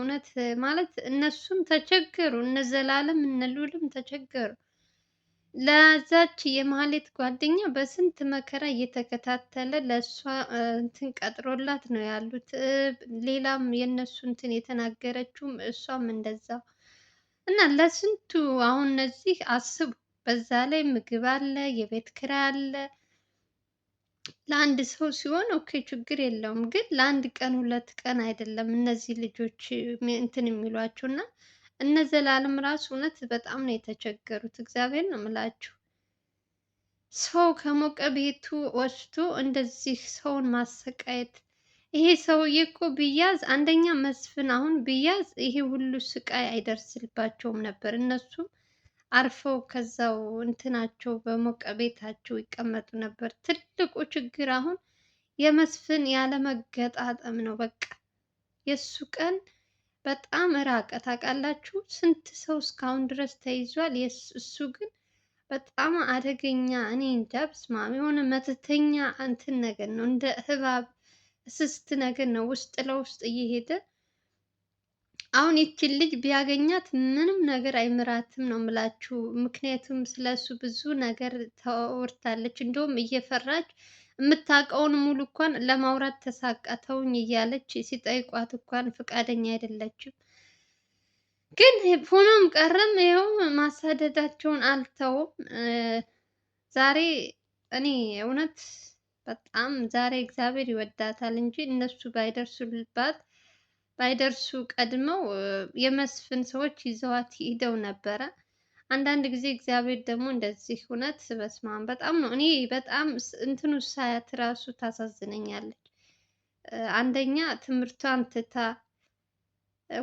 እውነት ማለት እነሱም ተቸገሩ፣ እነ ዘላለም እነ ልዑልም ተቸገሩ። ለዛች የማህሌት ጓደኛ በስንት መከራ እየተከታተለ ለእሷ እንትን ቀጥሮላት ነው ያሉት። ሌላም የእነሱ እንትን የተናገረችውም እሷም እንደዛው እና ለስንቱ አሁን እነዚህ አስቡ። በዛ ላይ ምግብ አለ፣ የቤት ክራይ አለ፣ ለአንድ ሰው ሲሆን ኦኬ ችግር የለውም። ግን ለአንድ ቀን ሁለት ቀን አይደለም እነዚህ ልጆች እንትን የሚሏቸው እና እነ ዘላለም ራሱ እውነት በጣም ነው የተቸገሩት። እግዚአብሔር ነው የምላችሁ። ሰው ከሞቀ ቤቱ ወስዶ እንደዚህ ሰውን ማሰቃየት። ይሄ ሰውዬ እኮ ብያዝ አንደኛ መስፍን አሁን ብያዝ ይሄ ሁሉ ስቃይ አይደርስባቸውም ነበር እነሱም አርፈው ከዛው እንትናቸው በሞቀ ቤታቸው ይቀመጡ ነበር። ትልቁ ችግር አሁን የመስፍን ያለመገጣጠም ነው። በቃ የእሱ ቀን በጣም እራቀ። ታውቃላችሁ ስንት ሰው እስካሁን ድረስ ተይዟል። እሱ ግን በጣም አደገኛ እኔ እንጃ ብስማ የሆነ መተተኛ እንትን ነገር ነው። እንደ እባብ እስስት ነገር ነው ውስጥ ለውስጥ እየሄደ አሁን ይችን ልጅ ቢያገኛት ምንም ነገር አይምራትም ነው የምላችሁ። ምክንያቱም ስለሱ ብዙ ነገር ተወርታለች። እንደውም እየፈራች የምታውቀውን ሙሉ እንኳን ለማውራት ተሳቃ ተውኝ እያለች ሲጠይቋት እንኳን ፈቃደኛ አይደለችም። ግን ሆኖም ቀረም ይኸው ማሳደዳቸውን አልተውም። ዛሬ እኔ እውነት በጣም ዛሬ እግዚአብሔር ይወዳታል እንጂ እነሱ ባይደርሱባት ባይደርሱ ቀድመው የመስፍን ሰዎች ይዘዋት ሂደው ነበረ። አንዳንድ ጊዜ እግዚአብሔር ደግሞ እንደዚህ እውነት በስማም በጣም ነው። እኔ በጣም እንትኑ ሳያት ራሱ ታሳዝነኛለች። አንደኛ ትምህርቷን ትታ፣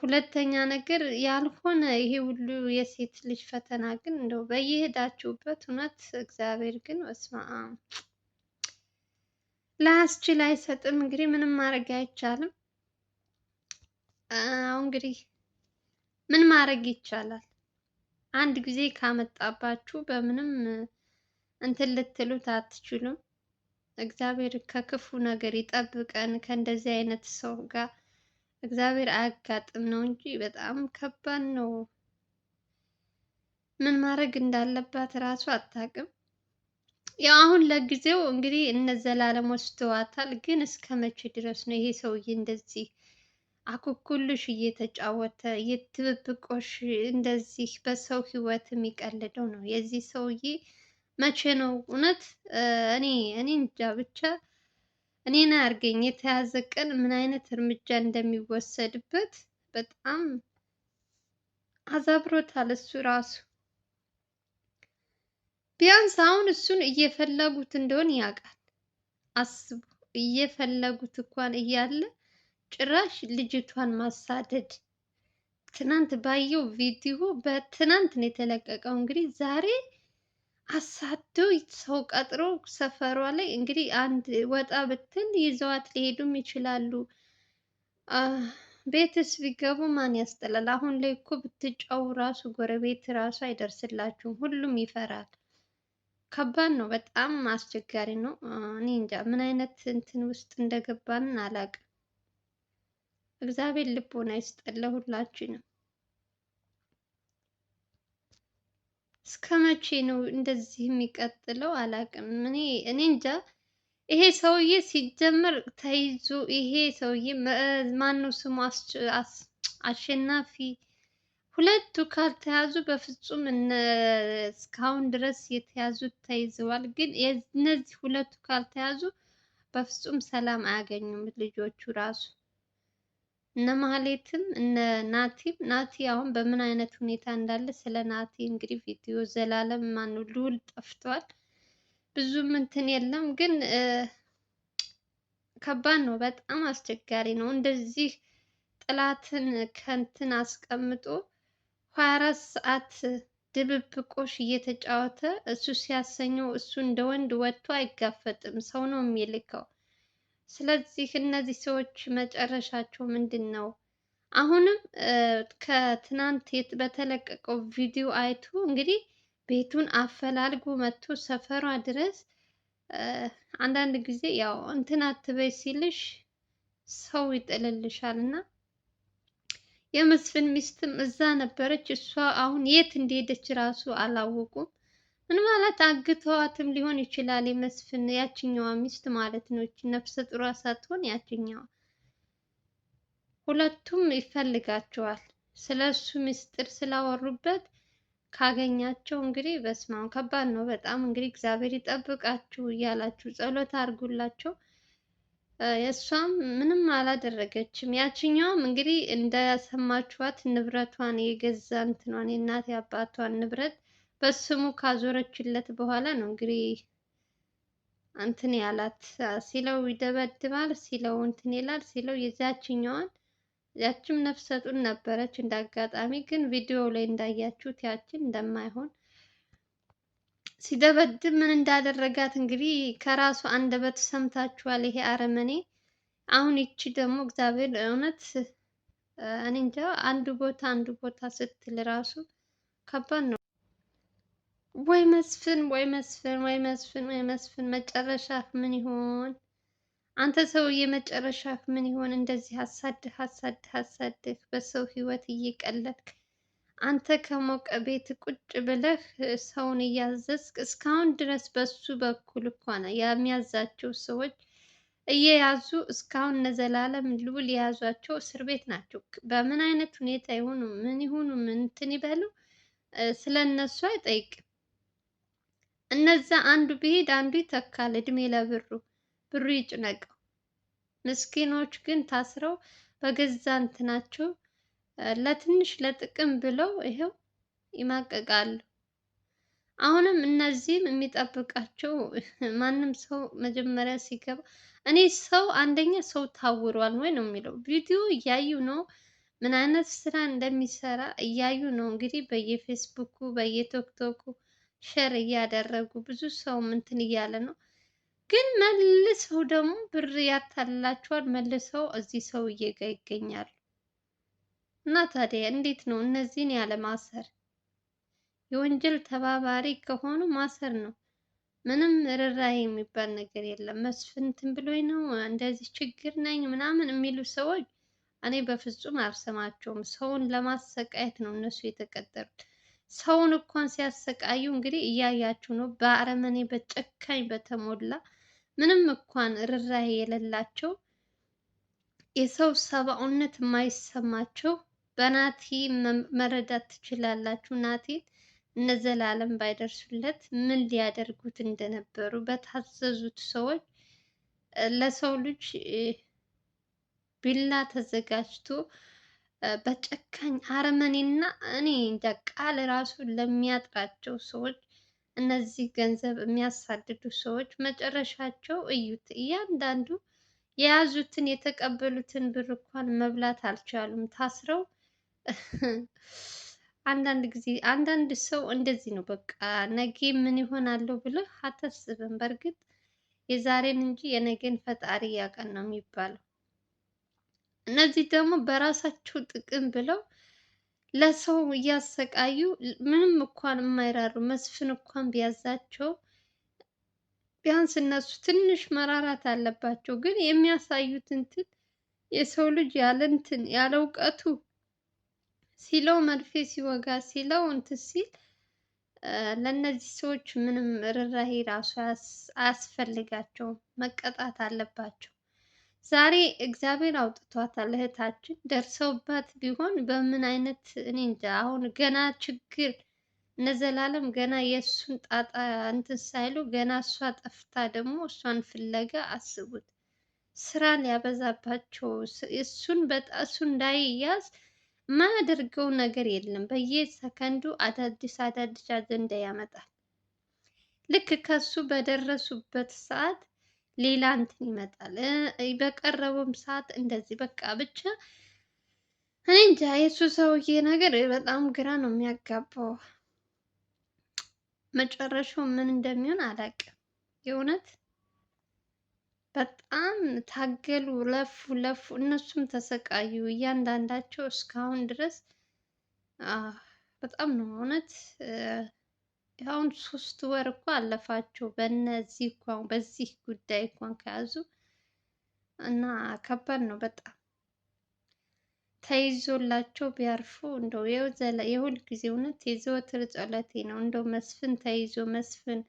ሁለተኛ ነገር ያልሆነ ይሄ ሁሉ የሴት ልጅ ፈተና ግን እንደው በየሄዳችሁበት እውነት እግዚአብሔር ግን በስማም ላስችል አይሰጥም። እንግዲህ ምንም ማድረግ አይቻልም። አሁን እንግዲህ ምን ማድረግ ይቻላል? አንድ ጊዜ ካመጣባችሁ በምንም እንትን ልትሉት አትችሉም። እግዚአብሔር ከክፉ ነገር ይጠብቀን። ከእንደዚህ አይነት ሰው ጋር እግዚአብሔር አያጋጥም ነው እንጂ በጣም ከባድ ነው። ምን ማድረግ እንዳለባት እራሱ አታውቅም። ያው አሁን ለጊዜው እንግዲህ እነ ዘላለም ወስደዋታል፣ ግን እስከ መቼ ድረስ ነው ይሄ ሰውዬ እንደዚህ አኩኩልሽ እየተጫወተ የትብብቆሽ እንደዚህ በሰው ህይወት የሚቀልደው ነው የዚህ ሰውዬ። መቼ ነው እውነት? እኔ እኔ እንጃ ብቻ እኔን አርገኝ የተያዘ ቀን ምን አይነት እርምጃ እንደሚወሰድበት በጣም አዛብሮታል። እሱ ራሱ ቢያንስ አሁን እሱን እየፈለጉት እንደሆን ያውቃል። አስቡ፣ እየፈለጉት እንኳን እያለ ጭራሽ ልጅቷን ማሳደድ ትናንት ባየው ቪዲዮ በትናንት ነው የተለቀቀው። እንግዲህ ዛሬ አሳዶ ሰው ቀጥሮ ሰፈሯ ላይ እንግዲህ አንድ ወጣ ብትል ይዘዋት ሊሄዱም ይችላሉ። ቤትስ ቢገቡ ማን ያስጠላል? አሁን ላይ እኮ ብትጫው ራሱ ጎረቤት ራሱ አይደርስላችሁም። ሁሉም ይፈራል። ከባድ ነው። በጣም አስቸጋሪ ነው። እኔ እንጃ ምን አይነት እንትን ውስጥ እንደገባን አላቅም። እግዚአብሔር ልቦና ይስጠን ለሁላችንም። እስከ መቼ ነው እንደዚህ የሚቀጥለው? አላውቅም። እኔ እኔ እንጃ። ይሄ ሰውዬ ሲጀመር ተይዞ ይሄ ሰውዬ ማነው ስሙ አሸናፊ፣ ሁለቱ ካልተያዙ በፍጹም እስካሁን ድረስ የተያዙት ተይዘዋል። ግን እነዚህ ሁለቱ ካልተያዙ በፍጹም ሰላም አያገኙም ልጆቹ ራሱ እነ ማህሌትም እነ ናቲም ናቲ አሁን በምን አይነት ሁኔታ እንዳለ ስለ ናቲ እንግዲህ ቪዲዮ ዘላለም ማነው ልዑል ጠፍቷል። ብዙም እንትን የለም ግን ከባድ ነው። በጣም አስቸጋሪ ነው። እንደዚህ ጥላትን ከንትን አስቀምጦ ሀያ አራት ሰዓት ድብብቆሽ እየተጫወተ እሱ ሲያሰኘው እሱ እንደ ወንድ ወጥቶ አይጋፈጥም። ሰው ነው የሚልከው። ስለዚህ እነዚህ ሰዎች መጨረሻቸው ምንድን ነው? አሁንም ከትናንት በተለቀቀው ቪዲዮ አይቶ እንግዲህ ቤቱን አፈላልጎ መጥቶ ሰፈሯ ድረስ አንዳንድ ጊዜ ያው እንትን አትበይ ሲልሽ ሰው ይጥልልሻል እና የመስፍን ሚስትም እዛ ነበረች። እሷ አሁን የት እንደሄደች ራሱ አላወቁም። ምን ማለት አግተዋትም ሊሆን ይችላል። የመስፍን ያችኛዋ ሚስት ማለት ነው። ነፍሰ ጡር ሳትሆን ያችኛዋ ሁለቱም ይፈልጋቸዋል። ስለ እሱ ምስጢር ስላወሩበት ካገኛቸው እንግዲህ በስመ አብ ከባድ ነው በጣም እንግዲህ እግዚአብሔር ይጠብቃችሁ እያላችሁ ጸሎት አድርጉላቸው። እሷም ምንም አላደረገችም። ያችኛውም እንግዲህ እንደሰማችኋት ንብረቷን የገዛ እንትኗን የእናት የአባቷን ንብረት በስሙ ካዞረችለት በኋላ ነው እንግዲህ እንትን ያላት ሲለው ይደበድባል፣ ሲለው እንትን ይላል፣ ሲለው የዛችኛዋን ያችም ነፍሰጡን ነበረች። እንዳጋጣሚ ግን ቪዲዮ ላይ እንዳያችሁት ያችን እንደማይሆን ሲደበድብ ምን እንዳደረጋት እንግዲህ ከራሱ አንደበት ሰምታችኋል። ይሄ አረመኔ አሁን ይቺ ደግሞ እግዚአብሔር እውነት እኔ እንጃ አንዱ ቦታ አንዱ ቦታ ስትል ራሱ ከባድ ነው። ወይ መስፍን ወይ መስፍን ወይ መስፍን ወይ መስፍን መጨረሻህ ምን ይሆን? አንተ ሰውዬ መጨረሻህ ምን ይሆን? እንደዚህ አሳድህ አሳድህ አሳድህ በሰው ህይወት እየቀለድክ አንተ ከሞቀ ቤት ቁጭ ብለህ ሰውን እያዘዝክ እስካሁን ድረስ በሱ በኩል እኮ ነው የሚያዛቸው ሰዎች እየያዙ እስካሁን ነዘላለም ልውል የያዟቸው እስር ቤት ናቸው። በምን አይነት ሁኔታ ይሆኑ ምን ይሆኑ ምን እንትን ይበሉ ስለ እነሱ አይጠይቅም። እነዛ አንዱ ቢሄድ አንዱ ይተካል። እድሜ ለብሩ ብሩ ይጭነቀው። ምስኪኖች ግን ታስረው በገዛ እንትናቸው ለትንሽ ለጥቅም ብለው ይሄው ይማቀቃሉ። አሁንም እነዚህም የሚጠብቃቸው ማንም ሰው መጀመሪያ ሲገባ እኔ ሰው አንደኛ ሰው ታውሯል ወይ ነው የሚለው። ቪዲዮ እያዩ ነው ምን አይነት ስራ እንደሚሰራ እያዩ ነው እንግዲህ በየፌስቡኩ በየቶክቶኩ ሸር እያደረጉ ብዙ ሰው እንትን እያለ ነው። ግን መልሰው ደግሞ ብር ያታላቸዋል። መልሰው እዚህ ሰውዬ ጋር ይገኛሉ። እና ታዲያ እንዴት ነው እነዚህን ያለ ማሰር? የወንጀል ተባባሪ ከሆኑ ማሰር ነው። ምንም ርራ የሚባል ነገር የለም። መስፍን እንትን ብሎኝ ነው እንደዚህ ችግር ነኝ ምናምን የሚሉ ሰዎች እኔ በፍጹም አልሰማቸውም። ሰውን ለማሰቃየት ነው እነሱ የተቀጠሩት። ሰውን እንኳን ሲያሰቃዩ እንግዲህ እያያችሁ ነው። በአረመኔ በጨካኝ በተሞላ ምንም እንኳን ርኅራኄ የሌላቸው የሰው ሰብአዊነት የማይሰማቸው በናቲ መረዳት ትችላላችሁ። ናቲን እነ ዘላለም ባይደርሱለት ምን ሊያደርጉት እንደነበሩ በታዘዙት ሰዎች ለሰው ልጅ ቢላ ተዘጋጅቶ በጨካኝ አረመኔና እኔ እንጃ ቃል ራሱ ለሚያጥራቸው ሰዎች እነዚህ ገንዘብ የሚያሳድዱ ሰዎች መጨረሻቸው እዩት። እያንዳንዱ የያዙትን የተቀበሉትን ብር እንኳን መብላት አልቻሉም። ታስረው አንዳንድ ጊዜ አንዳንድ ሰው እንደዚህ ነው። በቃ ነገ ምን ይሆናለሁ ብለህ አታስብም። በእርግጥ የዛሬን እንጂ የነገን ፈጣሪ ያውቃል ነው የሚባለው። እነዚህ ደግሞ በራሳቸው ጥቅም ብለው ለሰው እያሰቃዩ ምንም እንኳን የማይራሩ መስፍን እንኳን ቢያዛቸው ቢያንስ እነሱ ትንሽ መራራት አለባቸው። ግን የሚያሳዩት እንትን የሰው ልጅ ያለ እንትን ያለ እውቀቱ ሲለው መድፌ ሲወጋ ሲለው እንትን ሲል ለእነዚህ ሰዎች ምንም ርህራሄ ራሱ አያስፈልጋቸውም። መቀጣት አለባቸው። ዛሬ እግዚአብሔር አውጥቷታል። እህታችን ደርሰውባት ቢሆን በምን አይነት እኔ እንጃ። አሁን ገና ችግር እነዘላለም ገና የእሱን ጣጣ እንትን ሳይሉ ገና እሷ ጠፍታ ደግሞ እሷን ፍለጋ አስቡት። ስራ ሊያበዛባቸው እሱን በጣሱ እንዳይያዝ የማያደርገው ነገር የለም። በየሰከንዱ አዳዲስ አዳዲስ አጀንዳ ያመጣል። ልክ ከሱ በደረሱበት ሰዓት ሌላ እንትን ይመጣል። በቀረበም ሰዓት እንደዚህ በቃ ብቻ እኔ እንጃ የእሱ ሰውዬ ነገር በጣም ግራ ነው የሚያጋባው። መጨረሻው ምን እንደሚሆን አላውቅም። የእውነት በጣም ታገሉ፣ ለፉ ለፉ፣ እነሱም ተሰቃዩ እያንዳንዳቸው እስካሁን ድረስ በጣም ነው እውነት አሁን ሶስት ወር እኮ አለፋቸው በነዚህ እንኳን በዚህ ጉዳይ እንኳን ከያዙ እና ከባድ ነው በጣም ተይዞላቸው ቢያርፉ እንደው የሁል ጊዜ እውነት የዘወትር ጸሎቴ ነው። እንደው መስፍን ተይዞ መስፍን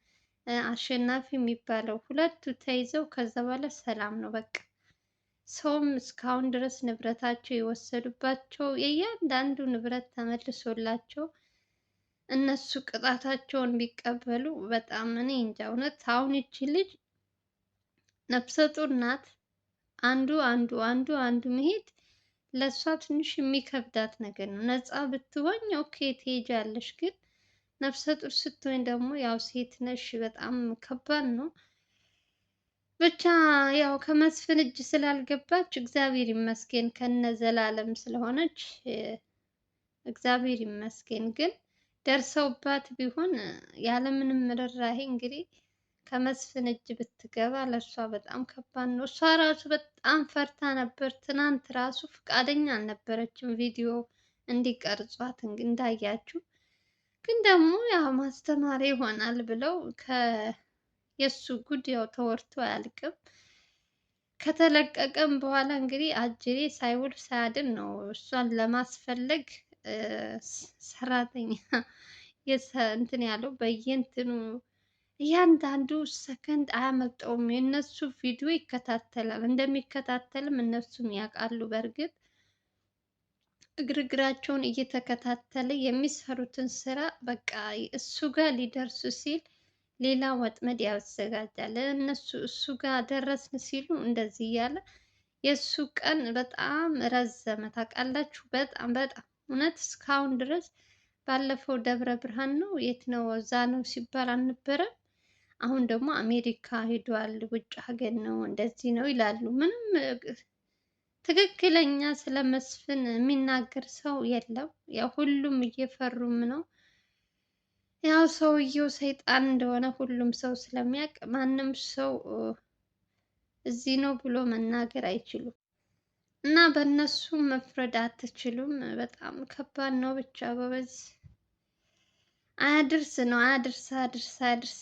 አሸናፊ የሚባለው ሁለቱ ተይዘው ከዛ በኋላ ሰላም ነው በቃ። ሰውም እስካሁን ድረስ ንብረታቸው የወሰዱባቸው የእያንዳንዱ ንብረት ተመልሶላቸው እነሱ ቅጣታቸውን ቢቀበሉ በጣም እኔ እንጃ እውነት። አሁን ይቺ ልጅ ነፍሰ ጡር ናት። አንዱ አንዱ አንዱ አንዱ መሄድ ለእሷ ትንሽ የሚከብዳት ነገር ነው። ነፃ ብትሆኝ ኦኬ ትሄጃለሽ፣ ግን ነፍሰ ጡር ስትሆኝ ደግሞ ያው ሴት ነሽ፣ በጣም ከባድ ነው። ብቻ ያው ከመስፍን እጅ ስላልገባች እግዚአብሔር ይመስገን፣ ከነ ዘላለም ስለሆነች እግዚአብሔር ይመስገን ግን ደርሰውባት ቢሆን ያለምንም ርኅራኄ እንግዲህ ከመስፍን እጅ ብትገባ ለእሷ በጣም ከባድ ነው። እሷ ራሱ በጣም ፈርታ ነበር። ትናንት ራሱ ፈቃደኛ አልነበረችም ቪዲዮ እንዲቀርጿት እንዳያችሁ። ግን ደግሞ ያው ማስተማሪ ይሆናል ብለው የእሱ ጉድ ያው ተወርቶ አያልቅም። ከተለቀቀም በኋላ እንግዲህ አጅሬ ሳይውል ሳያድር ነው እሷን ለማስፈለግ ሰራተኛ እንትን ያለው በየእንትኑ እያንዳንዱ ሰከንድ አያመልጠውም። የእነሱ ቪዲዮ ይከታተላል። እንደሚከታተልም እነሱም ያውቃሉ። በእርግጥ እግርግራቸውን እየተከታተለ የሚሰሩትን ስራ በቃ እሱ ጋር ሊደርሱ ሲል ሌላ ወጥመድ ያዘጋጃል። እነሱ እሱ ጋር ደረስን ሲሉ እንደዚህ እያለ የእሱ ቀን በጣም ረዘመ። ታውቃላችሁ በጣም በጣም እውነት እስካሁን ድረስ ባለፈው ደብረ ብርሃን ነው የት ነው እዛ ነው ሲባል አልነበረም። አሁን ደግሞ አሜሪካ ሄዷል፣ ውጭ ሀገር ነው እንደዚህ ነው ይላሉ። ምንም ትክክለኛ ስለ መስፍን የሚናገር ሰው የለም። ያው ሁሉም እየፈሩም ነው። ያው ሰውየው ሰይጣን እንደሆነ ሁሉም ሰው ስለሚያውቅ ማንም ሰው እዚህ ነው ብሎ መናገር አይችሉም። እና በእነሱ መፍረድ አትችሉም። በጣም ከባድ ነው። ብቻ ጎበዝ አያድርስ ነው አያድርስ አያድርስ አያድርስ።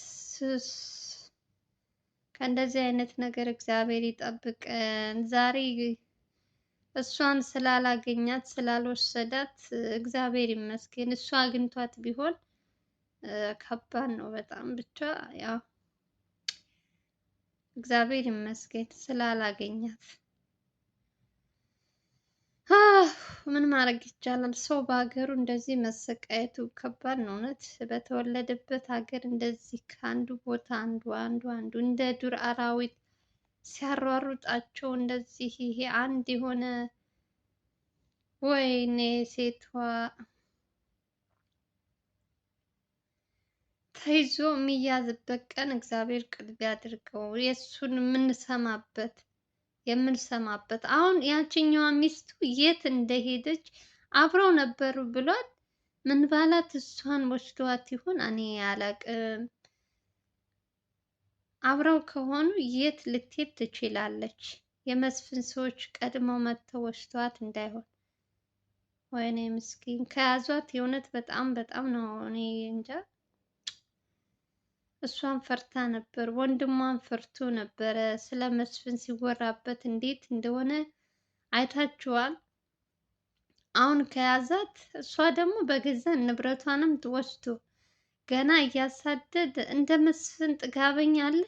ከእንደዚህ አይነት ነገር እግዚአብሔር ይጠብቀን። ዛሬ እሷን ስላላገኛት ስላልወሰዳት እግዚአብሔር ይመስገን። እሷ አግኝቷት ቢሆን ከባድ ነው በጣም ብቻ ያው እግዚአብሔር ይመስገን ስላላገኛት። ምን ማድረግ ይቻላል? ሰው በሀገሩ እንደዚህ መሰቃየቱ ከባድ ነው። እውነት በተወለደበት ሀገር እንደዚህ ከአንዱ ቦታ አንዱ አንዱ አንዱ እንደ ዱር አራዊት ሲያሯሩጣቸው እንደዚህ ይሄ አንድ የሆነ ወይኔ ሴቷ ተይዞ የሚያዝበት ቀን እግዚአብሔር ቅርብ ያድርገው የእሱን የምንሰማበት የምንሰማበት። አሁን ያችኛዋ ሚስቱ የት እንደሄደች አብረው ነበሩ ብሏት ምን ባላት እሷን ወስዷት ይሆን? እኔ አላቅም። አብረው ከሆኑ የት ልትሄድ ትችላለች? የመስፍን ሰዎች ቀድመው መጥተው ወስዷት እንዳይሆን። ወይኔ ምስኪን ከያዟት የእውነት በጣም በጣም ነው እኔ እንጃ። እሷን ፈርታ ነበር፣ ወንድሟን ፈርቶ ነበረ። ስለ መስፍን ሲወራበት እንዴት እንደሆነ አይታችኋል። አሁን ከያዛት እሷ ደግሞ በገዛ ንብረቷንም ወስዶ ገና እያሳደደ እንደ መስፍን ጥጋበኛ አለ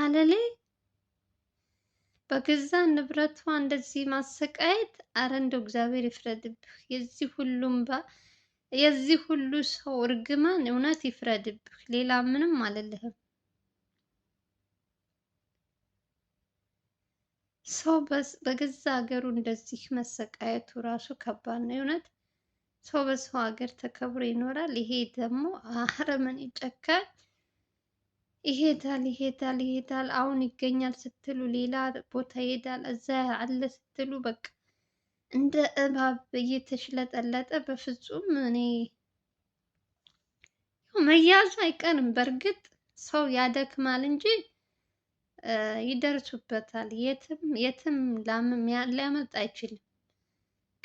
አለሌ። በገዛ ንብረቷ እንደዚህ ማሰቃየት፣ አረ እንደው እግዚአብሔር ይፍረድብህ። የዚህ ሁሉም የዚህ ሁሉ ሰው እርግማን እውነት ይፍረድብህ። ሌላ ምንም አልልህም። ሰው በገዛ ሀገሩ እንደዚህ መሰቃየቱ ራሱ ከባድ ነው። እውነት ሰው በሰው ሀገር ተከብሮ ይኖራል። ይሄ ደግሞ አረመኔ ጨካኝ ይሄዳል ይሄዳል ይሄዳል። አሁን ይገኛል ስትሉ ሌላ ቦታ ይሄዳል። እዛ አለ ስትሉ በቃ እንደ እባብ እየተሽለጠለጠ በፍጹም እኔ መያዙ አይቀርም። በእርግጥ ሰው ያደክማል እንጂ ይደርሱበታል። የትም የትም ሊያመልጥ አይችልም።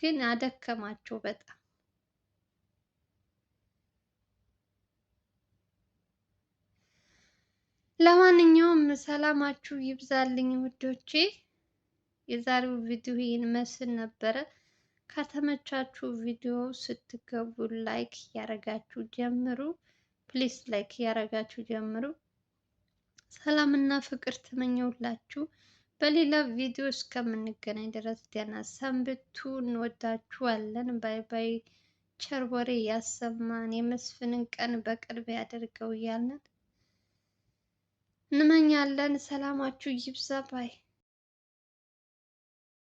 ግን አደከማቸው በጣም። ለማንኛውም ሰላማችሁ ይብዛልኝ ውዶቼ። የዛሬው ቪዲዮ ይህን መስል ነበረ። ከተመቻችሁ ቪዲዮ ስትገቡ ላይክ እያደረጋችሁ ጀምሩ። ፕሊስ ላይክ እያደረጋችሁ ጀምሩ። ሰላምና ፍቅር ትመኘውላችሁ በሌላ ቪዲዮ እስከምንገናኝ ድረስ ደህና ሰንብቱ። እንወዳችኋለን። ባይ ባይ። ቸር ወሬ ያሰማን። የመስፍንን ቀን በቅርብ ያደርገው እያልን እንመኛለን። ሰላማችሁ ይብዛ ባይ